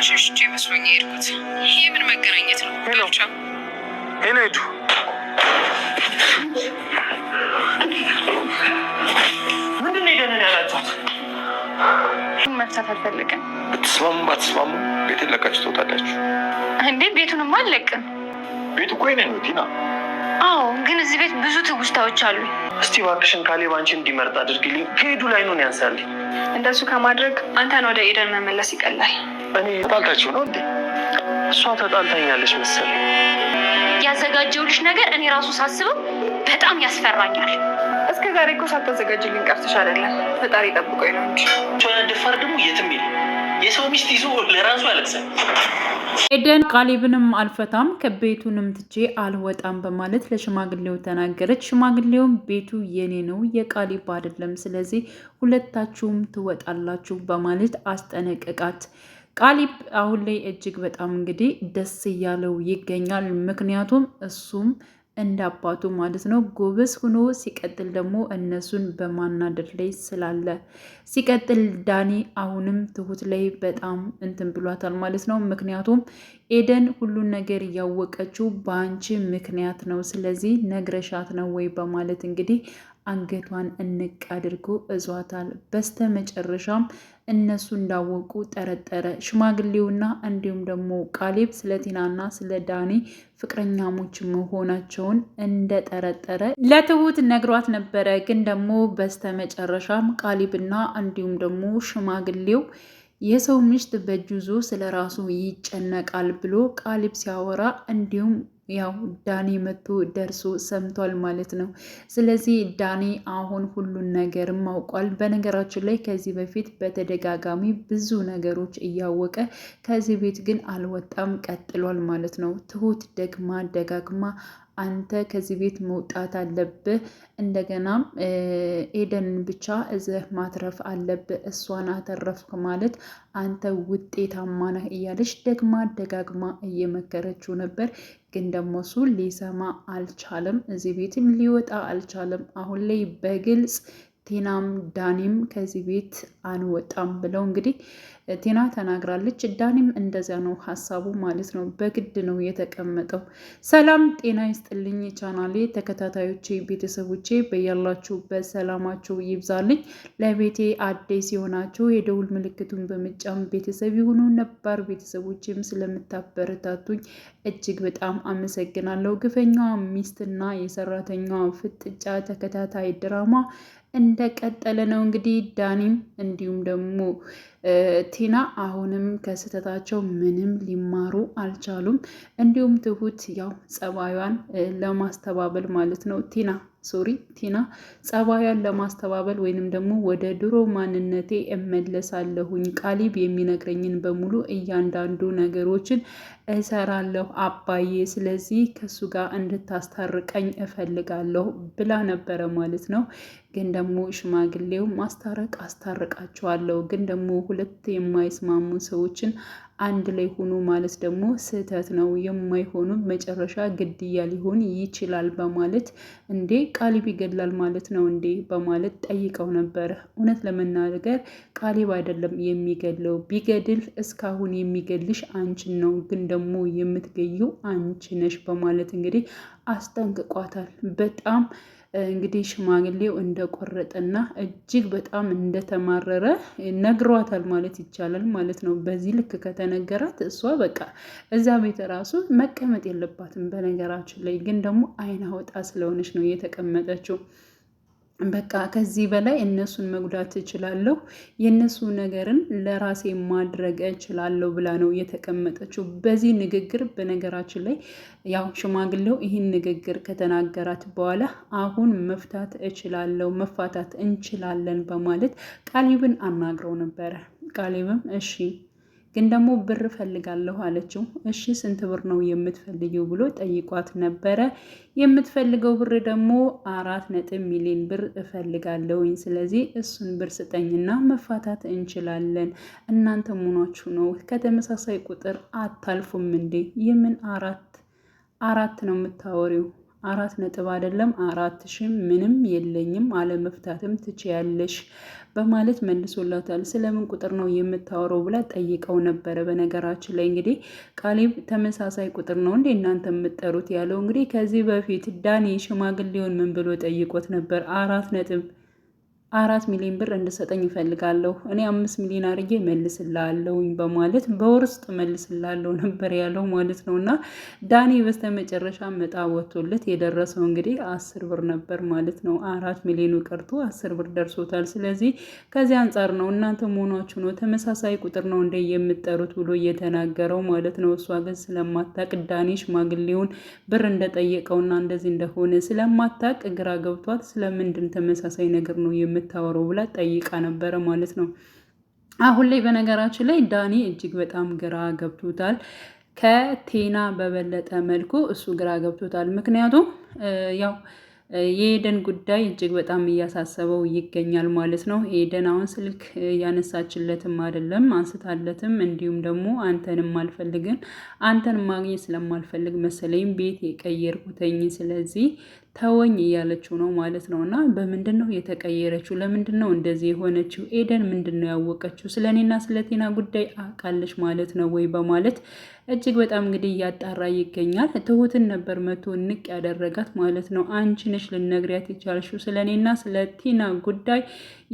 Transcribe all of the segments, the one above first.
ተሸሽቼ መስሎኝ የሄድኩት። ይሄ ምን መገናኘት ነው? ዳልቻ ሄዱ። ምንድን ነው የደህንን ያላችኋት? መፍታት አልፈልግም። ብትስማሙ ባትስማሙ ቤትን ለቃችሁ ትወጣላችሁ። እንዴ ቤቱንም አልለቅም። ቤቱ እኮ የእኔ ነው ቲና። አዎ ግን እዚህ ቤት ብዙ ትውስታዎች አሉ። እስቲ እባክሽን ካሌብ አንቺ እንዲመርጥ አድርግልኝ። ከሄዱ ላይ ነው ያንሳልኝ። እንደሱ ከማድረግ አንተን ወደ ኤደን መመለስ ይቀላል። እኔ ተጣልታችሁ ነው እንዴ? እሷ ተጣልታኛለች መሰል። ያዘጋጀውልሽ ነገር እኔ ራሱ ሳስበው በጣም ያስፈራኛል። እስከ ዛሬ እኮ ሳታዘጋጅልኝ ቀርተሽ አይደለም። ፈጣሪ ጠብቆኝ ነው እንጂ ደፋር ደግሞ የትም የለም። የሰው ሚስት ይዞ ለራሱ አለቅሰ ኤደን ቃሊብንም አልፈታም ከቤቱንም ትቼ አልወጣም በማለት ለሽማግሌው ተናገረች። ሽማግሌውም ቤቱ የኔ ነው የቃሊብ አይደለም፣ ስለዚህ ሁለታችሁም ትወጣላችሁ በማለት አስጠነቀቃት። ቃሊብ አሁን ላይ እጅግ በጣም እንግዲህ ደስ እያለው ይገኛል። ምክንያቱም እሱም እንደ አባቱ ማለት ነው ጎበዝ ሆኖ ሲቀጥል ደግሞ እነሱን በማናደድ ላይ ስላለ ሲቀጥል ዳኒ አሁንም ትሁት ላይ በጣም እንትን ብሏታል ማለት ነው። ምክንያቱም ኤደን ሁሉን ነገር እያወቀችው በአንቺ ምክንያት ነው፣ ስለዚህ ነግረሻት ነው ወይ በማለት እንግዲህ አንገቷን እንቅ አድርጎ እዟታል። በስተ መጨረሻም እነሱ እንዳወቁ ጠረጠረ። ሽማግሌውና እንዲሁም ደግሞ ቃሌብ ስለ ቲናና ስለ ዳኒ ፍቅረኛሞች መሆናቸውን እንደጠረጠረ ለትሁት ነግሯት ነበረ። ግን ደግሞ በስተ መጨረሻም ቃሌብና እንዲሁም ደግሞ ሽማግሌው የሰው ምሽት በእጁ ይዞ ስለ ራሱ ይጨነቃል ብሎ ቃሊብ ሲያወራ እንዲሁም ያው ዳኒ መጥቶ ደርሶ ሰምቷል ማለት ነው። ስለዚህ ዳኒ አሁን ሁሉን ነገር አውቋል። በነገራችን ላይ ከዚህ በፊት በተደጋጋሚ ብዙ ነገሮች እያወቀ ከዚህ ቤት ግን አልወጣም ቀጥሏል ማለት ነው። ትሁት ደግማ ደጋግማ አንተ ከዚህ ቤት መውጣት አለብህ፣ እንደገና ኤደንን ብቻ እዚህ ማትረፍ አለብህ፣ እሷን አተረፍክ ማለት አንተ ውጤታማ ነህ እያለች ደግማ ደጋግማ እየመከረችው ነበር። ግን ደግሞ እሱ ሊሰማ አልቻለም። እዚህ ቤትም ሊወጣ አልቻለም። አሁን ላይ በግልጽ ቲናም ዳኒም ከዚህ ቤት አንወጣም ብለው እንግዲህ ቲና ተናግራለች። ዳኒም እንደዚያ ነው ሀሳቡ ማለት ነው። በግድ ነው የተቀመጠው። ሰላም ጤና ይስጥልኝ ቻናሌ ተከታታዮቼ ቤተሰቦቼ በያላችሁበት ሰላማችሁ ይብዛልኝ። ለቤቴ አዲስ የሆናችሁ የደውል ምልክቱን በመጫን ቤተሰብ የሆኑ ነባር ቤተሰቦችም ስለምታበረታቱኝ እጅግ በጣም አመሰግናለሁ። ግፈኛዋ ሚስትና የሰራተኛዋ ፍጥጫ ተከታታይ ድራማ እንደቀጠለ ነው። እንግዲህ ዳኒም እንዲሁም ደግሞ ቲና አሁንም ከስህተታቸው ምንም ሊማሩ አልቻሉም። እንዲሁም ትሁት ያው ጸባዩን ለማስተባበል ማለት ነው ቴና ሶሪ ቲና ጸባያን ለማስተባበል ወይንም ደግሞ ወደ ድሮ ማንነቴ እመለሳለሁኝ፣ ቃሊብ የሚነግረኝን በሙሉ እያንዳንዱ ነገሮችን እሰራለሁ አባዬ፣ ስለዚህ ከሱ ጋር እንድታስታርቀኝ እፈልጋለሁ ብላ ነበረ ማለት ነው። ግን ደግሞ ሽማግሌው ማስታረቅ አስታርቃቸዋለሁ ግን ደግሞ ሁለት የማይስማሙ ሰዎችን አንድ ላይ ሆኖ ማለት ደግሞ ስህተት ነው፣ የማይሆኑ መጨረሻ ግድያ ሊሆን ይችላል በማለት እንዴ ቃሊብ ይገድላል ማለት ነው እንዴ በማለት ጠይቀው ነበር እውነት ለመናገር ቃሊብ አይደለም የሚገድለው፣ ቢገድል እስካሁን የሚገድልሽ አንቺን ነው፣ ግን ደግሞ የምትገዩ አንቺ ነሽ በማለት እንግዲህ አስጠንቅቋታል በጣም እንግዲህ ሽማግሌው እንደቆረጠና እጅግ በጣም እንደተማረረ ነግሯታል ማለት ይቻላል ማለት ነው። በዚህ ልክ ከተነገራት እሷ በቃ እዛ ቤት ራሱ መቀመጥ የለባትም። በነገራችን ላይ ግን ደግሞ አይን ወጣ ስለሆነች ነው የተቀመጠችው። በቃ ከዚህ በላይ እነሱን መጉዳት እችላለሁ፣ የእነሱ ነገርን ለራሴ ማድረግ እችላለሁ ብላ ነው የተቀመጠችው በዚህ ንግግር። በነገራችን ላይ ያው ሽማግሌው ይህን ንግግር ከተናገራት በኋላ አሁን መፍታት እችላለሁ፣ መፋታት እንችላለን በማለት ቃሊብን አናግረው ነበረ። ቃሊብም እሺ ግን ደግሞ ብር ፈልጋለሁ አለችው። እሺ ስንት ብር ነው የምትፈልጊው ብሎ ጠይቋት ነበረ። የምትፈልገው ብር ደግሞ አራት ነጥብ ሚሊዮን ብር እፈልጋለሁኝ። ስለዚህ እሱን ብር ስጠኝና መፋታት እንችላለን። እናንተ ሙኗችሁ ነው ከተመሳሳይ ቁጥር አታልፉም እንዴ? የምን አራት አራት ነው የምታወሪው አራት ነጥብ አይደለም አራት ሺ ምንም የለኝም አለመፍታትም ትችያለሽ በማለት መልሶላታል። ስለምን ቁጥር ነው የምታወረው ብላ ጠይቀው ነበረ። በነገራችን ላይ እንግዲህ ቃሊብ ተመሳሳይ ቁጥር ነው እንዴ እናንተ የምጠሩት ያለው እንግዲህ ከዚህ በፊት ዳኒ ሽማግሌውን ምን ብሎ ጠይቆት ነበር? አራት ነጥብ አራት ሚሊዮን ብር እንድሰጠኝ ይፈልጋለሁ እኔ አምስት ሚሊዮን አርጌ መልስላለውኝ በማለት በወር ውስጥ ነበር ያለው ማለት ነው። እና ዳኒ በስተመጨረሻ መጣ ወቶለት የደረሰው እንግዲህ አስር ብር ነበር ማለት ነው። አራት ሚሊዮኑ ቀርቶ አስር ብር ደርሶታል። ስለዚህ ከዚህ አንጻር ነው እናንተ መሆኗችሁ ነው ተመሳሳይ ቁጥር ነው እንደ የምጠሩት ብሎ እየተናገረው ማለት ነው። እሷ ግን ስለማታቅ ዳኒ ሽማግሌውን ብር እንደጠየቀውና እንደዚህ እንደሆነ ስለማታቅ ግራ ገብቷት ስለምንድን ተመሳሳይ ነገር ነው የ የምታወራው ብላ ጠይቃ ነበረ ማለት ነው። አሁን ላይ በነገራችን ላይ ዳኒ እጅግ በጣም ግራ ገብቶታል። ከቴና በበለጠ መልኩ እሱ ግራ ገብቶታል። ምክንያቱም ያው የኤደን ጉዳይ እጅግ በጣም እያሳሰበው ይገኛል ማለት ነው። ኤደን አሁን ስልክ ያነሳችለትም አይደለም አንስታለትም፣ እንዲሁም ደግሞ አንተንም አልፈልግን አንተን ማግኘት ስለማልፈልግ መሰለኝ ቤት የቀየርኩትኝ ስለዚህ ተወኝ እያለችው ነው ማለት ነው። እና በምንድን ነው የተቀየረችው? ለምንድን ነው እንደዚህ የሆነችው? ኤደን ምንድን ነው ያወቀችው? ስለ እኔና ስለ ቴና ጉዳይ አውቃለች ማለት ነው ወይ በማለት እጅግ በጣም እንግዲህ እያጣራ ይገኛል። ትሁትን ነበር መቶ ንቅ ያደረጋት ማለት ነው። አንቺ ነሽ ልነግሪያት የቻልሽው ስለ እኔና ስለ ቲና ጉዳይ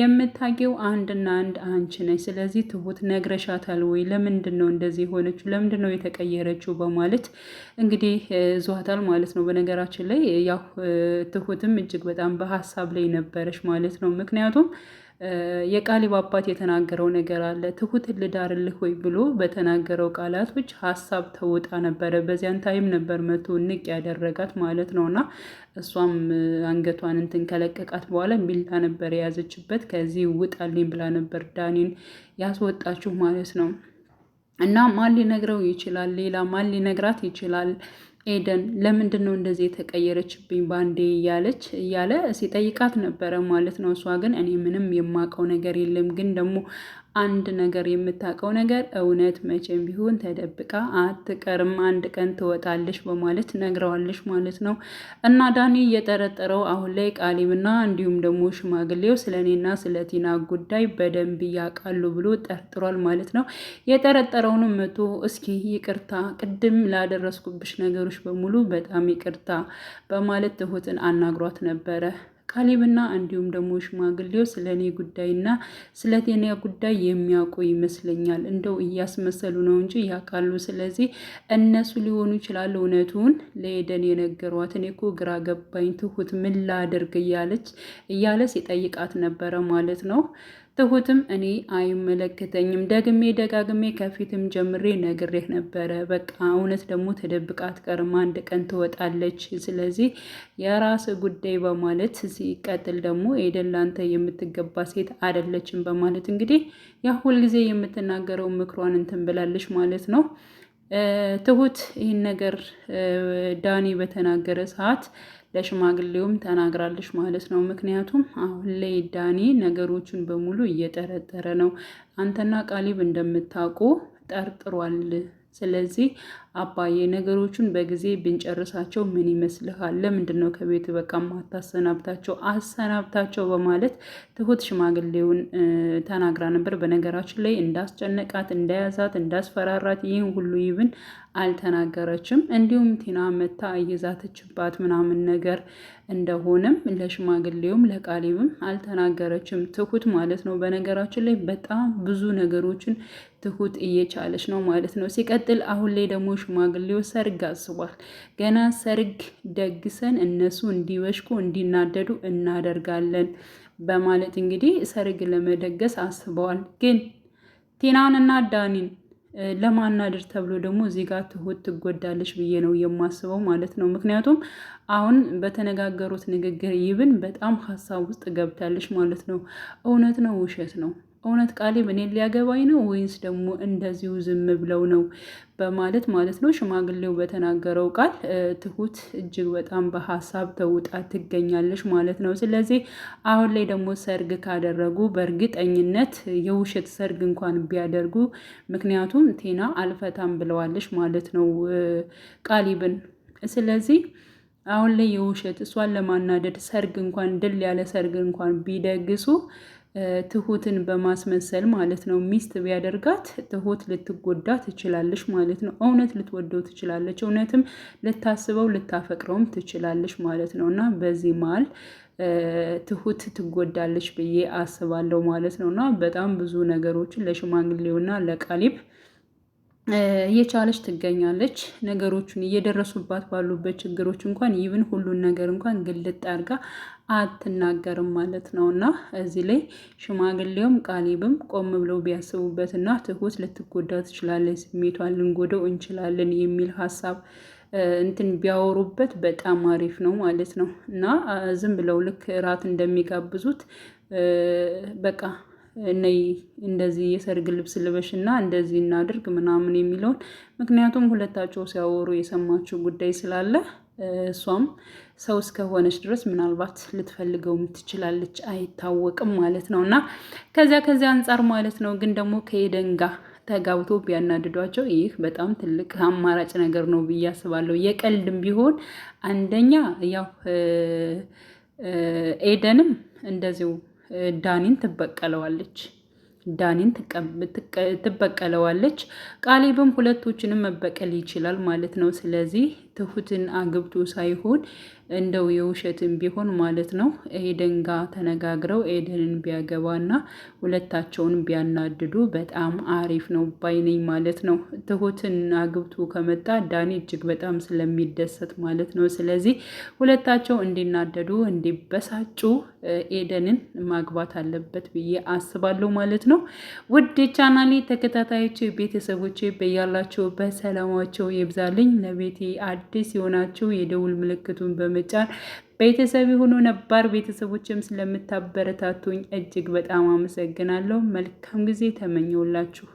የምታውቂው አንድና አንድ አንቺ ነሽ። ስለዚህ ትሁት ነግረሻታል ወይ? ለምንድን ነው እንደዚህ የሆነችው? ለምንድን ነው የተቀየረችው? በማለት እንግዲህ ዟታል ማለት ነው። በነገራችን ላይ ያው ትሁትም እጅግ በጣም በሀሳብ ላይ ነበረች ማለት ነው። ምክንያቱም የቃሊብ አባት የተናገረው ነገር አለ። ትሁት ልዳርልህ ወይ ብሎ በተናገረው ቃላቶች ሀሳብ ተውጣ ነበረ። በዚያን ታይም ነበር መቶ ንቅ ያደረጋት ማለት ነው። እና እሷም አንገቷን እንትን ከለቀቃት በኋላ ሚላ ነበር የያዘችበት። ከዚህ ውጣልኝ ብላ ነበር ዳኒን ያስወጣችሁ ማለት ነው። እና ማን ሊነግረው ይችላል? ሌላ ማን ሊነግራት ይችላል? ኤደን ለምንድን ነው እንደዚህ የተቀየረችብኝ ባንዴ እያለች እያለ ሲጠይቃት ነበረ ማለት ነው። እሷ ግን እኔ ምንም የማውቀው ነገር የለም፣ ግን ደግሞ አንድ ነገር የምታውቀው ነገር እውነት መቼም ቢሆን ተደብቃ አትቀርም፣ አንድ ቀን ትወጣለች በማለት ነግረዋለች ማለት ነው። እና ዳኒ እየጠረጠረው አሁን ላይ ቃሊምና እንዲሁም ደግሞ ሽማግሌው ስለእኔና ስለ ቲና ጉዳይ በደንብ እያውቃሉ ብሎ ጠርጥሯል ማለት ነው። የጠረጠረውንም መቶ እስኪ ይቅርታ፣ ቅድም ላደረስኩብሽ ነገሮች በሙሉ በጣም ይቅርታ በማለት ትሁትን አናግሯት ነበረ። ካሌብና እንዲሁም ደግሞ ሽማግሌው ስለ እኔ ጉዳይና ስለ ቴና ጉዳይ የሚያውቁ ይመስለኛል። እንደው እያስመሰሉ ነው እንጂ ያውቃሉ። ስለዚህ እነሱ ሊሆኑ ይችላሉ እውነቱን ለኤደን የነገሯት። እኔ እኮ ግራ ገባኝ ትሁት ምን ላድርግ እያለች እያለ ሲጠይቃት ነበረ ማለት ነው። ትሁትም እኔ አይመለከተኝም ደግሜ ደጋግሜ ከፊትም ጀምሬ ነግሬህ ነበረ። በቃ እውነት ደግሞ ተደብቃ አትቀርም፣ አንድ ቀን ትወጣለች። ስለዚህ የራስ ጉዳይ በማለት ሲቀጥል ደግሞ ኤደን ላንተ የምትገባ ሴት አይደለችም በማለት እንግዲህ ያ ሁልጊዜ የምትናገረው ምክሯን እንትን ብላለች ማለት ነው። ትሁት ይህን ነገር ዳኒ በተናገረ ሰዓት ለሽማግሌውም ተናግራለች ማለት ነው። ምክንያቱም አሁን ላይ ዳኒ ነገሮችን በሙሉ እየጠረጠረ ነው። አንተና ቃሊብ እንደምታውቁ ጠርጥሯል። ስለዚህ አባዬ ነገሮቹን በጊዜ ብንጨርሳቸው ምን ይመስልሃል? ለምንድን ነው ከቤት በቃ ማታሰናብታቸው? አሰናብታቸው በማለት ትሁት ሽማግሌውን ተናግራ ነበር። በነገራችን ላይ እንዳስጨነቃት፣ እንዳያዛት እንዳስፈራራት ይህን ሁሉ ይብን አልተናገረችም። እንዲሁም ቲና መታ እየዛተችባት ምናምን ነገር እንደሆነም ለሽማግሌውም ለቃሊብም አልተናገረችም። ትሁት ማለት ነው። በነገራችን ላይ በጣም ብዙ ነገሮችን ትሁት እየቻለች ነው ማለት ነው። ሲቀጥል አሁን ላይ ደግሞ ሽማግሌው ሰርግ አስቧል። ገና ሰርግ ደግሰን እነሱ እንዲበሽቁ እንዲናደዱ እናደርጋለን በማለት እንግዲህ ሰርግ ለመደገስ አስበዋል። ግን ቲናንና ዳኒን ለማናደር ተብሎ ደግሞ እዚህ ጋር ትሁት ትጎዳለች ብዬ ነው የማስበው ማለት ነው። ምክንያቱም አሁን በተነጋገሩት ንግግር ይብን በጣም ሀሳብ ውስጥ ገብታለች ማለት ነው። እውነት ነው ውሸት ነው እውነት ቃሌብ እኔን ሊያገባኝ ነው ወይንስ ደግሞ እንደዚሁ ዝም ብለው ነው በማለት ማለት ነው ሽማግሌው በተናገረው ቃል ትሁት እጅግ በጣም በሀሳብ ተውጣ ትገኛለች ማለት ነው። ስለዚህ አሁን ላይ ደግሞ ሰርግ ካደረጉ በእርግጠኝነት የውሸት ሰርግ እንኳን ቢያደርጉ ምክንያቱም ቴና አልፈታም ብለዋለች ማለት ነው ቃሊብን። ስለዚህ አሁን ላይ የውሸት እሷን ለማናደድ ሰርግ እንኳን ድል ያለ ሰርግ እንኳን ቢደግሱ ትሁትን በማስመሰል ማለት ነው ሚስት ቢያደርጋት ትሁት ልትጎዳ ትችላለች ማለት ነው። እውነት ልትወደው ትችላለች፣ እውነትም ልታስበው ልታፈቅረውም ትችላለች ማለት ነው እና በዚህ መሀል ትሁት ትጎዳለች ብዬ አስባለሁ ማለት ነው እና በጣም ብዙ ነገሮችን ለሽማግሌውና ለቃሊብ እየቻለች ትገኛለች። ነገሮቹን እየደረሱባት ባሉበት ችግሮች እንኳን ይብን ሁሉን ነገር እንኳን ግልጥ አድርጋ አትናገርም ማለት ነው። እና እዚህ ላይ ሽማግሌውም ቃሊብም ቆም ብለው ቢያስቡበት እና ትሁት ልትጎዳ ትችላለች፣ ስሜቷን ልንጎደው እንችላለን የሚል ሀሳብ እንትን ቢያወሩበት በጣም አሪፍ ነው ማለት ነው። እና ዝም ብለው ልክ እራት እንደሚጋብዙት በቃ እነይ እንደዚህ የሰርግ ልብስ ልበሽና እንደዚህ እናድርግ ምናምን የሚለውን ምክንያቱም ሁለታቸው ሲያወሩ የሰማችው ጉዳይ ስላለ እሷም ሰው እስከሆነች ድረስ ምናልባት ልትፈልገውም ትችላለች፣ አይታወቅም ማለት ነው እና ከዚያ ከዚያ አንጻር ማለት ነው ግን ደግሞ ከኤደን ጋር ተጋብቶ ቢያናድዷቸው ይህ በጣም ትልቅ አማራጭ ነገር ነው ብዬ አስባለሁ። የቀልድም ቢሆን አንደኛ ያው ኤደንም እንደዚሁ ዳኒን ትበቀለዋለች ዳኒን ትበቀለዋለች። ቃሊብም ሁለቶችንም መበቀል ይችላል ማለት ነው። ስለዚህ ትሁትን አግብቶ ሳይሆን እንደው የውሸትን ቢሆን ማለት ነው ኤደን ጋ ተነጋግረው ኤደንን ቢያገባና ሁለታቸውን ቢያናድዱ በጣም አሪፍ ነው ባይነኝ ማለት ነው። ትሁትን አግብቶ ከመጣ ዳኒ እጅግ በጣም ስለሚደሰት ማለት ነው። ስለዚህ ሁለታቸው እንዲናደዱ እንዲበሳጩ ኤደንን ማግባት አለበት ብዬ አስባለሁ ማለት ነው። ውድ ቻናሌ ተከታታዮች ቤተሰቦች በያላቸው በሰላማቸው ይብዛልኝ። ለቤቴ አዲስ የሆናቸው የደውል ምልክቱን በመ ሩጫን ቤተሰብ የሆኑ ነባር ቤተሰቦችም ስለምታበረታቱኝ እጅግ በጣም አመሰግናለሁ። መልካም ጊዜ ተመኘውላችሁ።